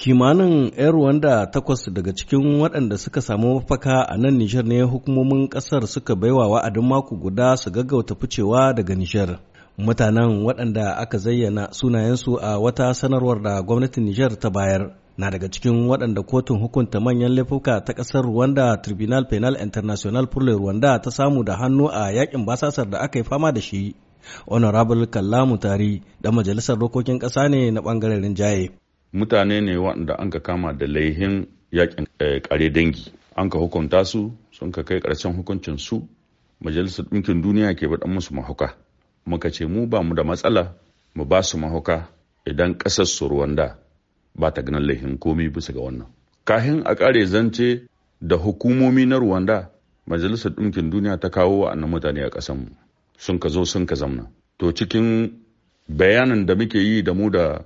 kimanin 'yan Rwanda takwas daga cikin waɗanda suka samu mafaka a nan Nijar ne hukumomin ƙasar suka baiwa wa'adin mako guda su gaggauta ficewa daga Nijar. Mutanen waɗanda aka zayyana sunayensu a wata sanarwar da gwamnatin Nijar ta bayar na daga cikin waɗanda kotun hukunta manyan laifuka ta ƙasar Rwanda Tribunal Penal International pour Rwanda ta samu da hannu a yakin basasar da aka yi fama da shi. Honorable Kallamu Tari, da majalisar dokokin ƙasa ne na ɓangaren rinjaye. mutane ne waɗanda an ka kama da laihin yakin kare eh, dangi an ka hukunta su sun ka kai ƙarshen hukuncin su majalisar ɗinkin duniya ke baɗan musu mahuka. muka ce mu ba mu da matsala mu ba su mahuka. idan ƙasar su ruwanda ba ta ganin laihin komi bisa ga wannan kahin a kare zance da hukumomi na ruwanda majalisar ɗinkin duniya ta kawo wa'annan mutane a ƙasanmu sun ka zo sun ka zamna to cikin bayanin da muke yi da mu da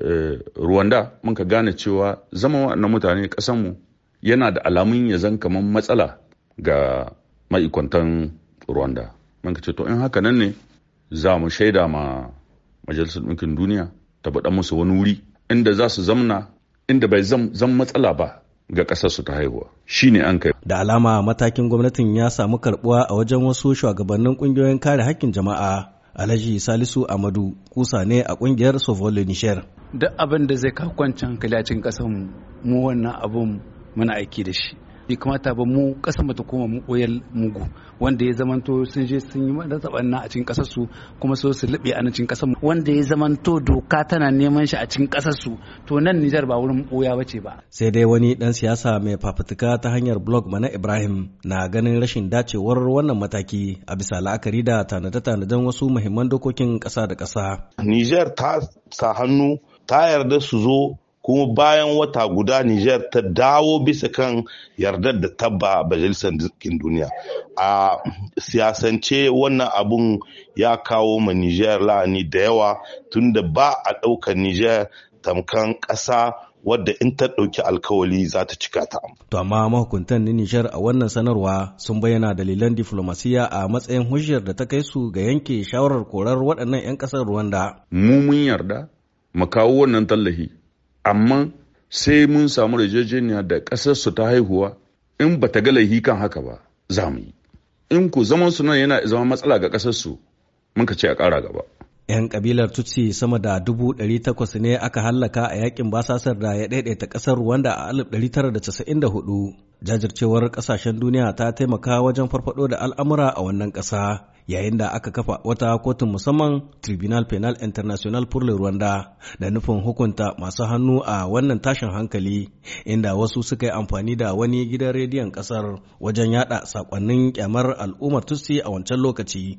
Eh, Rwanda mun ka gane cewa zama waɗannan mutane ƙasanmu yana da alamun ya zan kamar matsala ga ma'aikatan Rwanda. Mun ka ce to in haka nan ne za mu shaida ma Majalisar Ɗinkin Duniya ta baɗa musu wani wuri inda za su zamna inda bai zan matsala ba ga ƙasarsu ta haihuwa shi ne an kai. Da alama matakin gwamnatin ya samu karɓuwa a wajen wasu shugabannin ƙungiyoyin kare haƙƙin jama'a Alhaji Salisu Amadu kusa ne a ƙungiyar Sovolin Niger. duk abin da zai kawo kwanci hankali a cikin ƙasar mu wannan abin muna aiki da shi bai kamata ba mu ƙasar mu ta koma mu koyar mugu wanda ya zamanto sun je sun yi mata a cikin ƙasar su kuma so su lube a cikin ƙasar mu wanda ya zamanto doka tana neman shi a cikin ƙasar su to nan Nijar ba wurin boya bace ba sai dai wani dan siyasa mai fafutuka ta hanyar blog mana Ibrahim na ganin rashin dacewar wannan mataki a bisa la'akari da tanade-tanaden wasu muhimman dokokin ƙasa da kasa. Nijar ta sa hannu ta yarda su zo kuma bayan wata guda Nijar ta dawo bisa kan yarda da tabba majalisar dukkin duniya. A siyasance wannan abun ya kawo ma Nijar la'ani da yawa tunda ba a ɗaukar Nijar tamkan ƙasa wadda in ta ɗauki alkawali za ta cika ta. To amma mahukuntan Nijar a wannan sanarwa sun bayyana dalilan diflomasiya a matsayin hujjar da ta kai su ga yanke shawarar korar waɗannan 'yan ƙasar Rwanda. Mu mun yarda mu kawo wannan tallahi amma sai mun samu rajajeniya da ƙasar su ta haihuwa in bata ga laihi kan haka ba za mu yi in ku zaman su nan yana zama matsala ga ƙasar su mun ka ce a ƙara gaba 'Yan kabilar Tutsi sama da dubu ɗari takwas ne aka hallaka a yakin basasar da ya ɗaiɗaita ƙasar Rwanda a tara da hudu Jajircewar ƙasashen duniya ta taimaka wajen farfado da al'amura a wannan ƙasa. yayin da aka kafa wata kotun musamman tribunal penal international pour rwanda da nufin hukunta masu hannu a wannan tashin hankali inda wasu suka yi amfani da wani gidan rediyon ƙasar wajen yada sakonnin kyamar al'ummar tutsi a wancan lokaci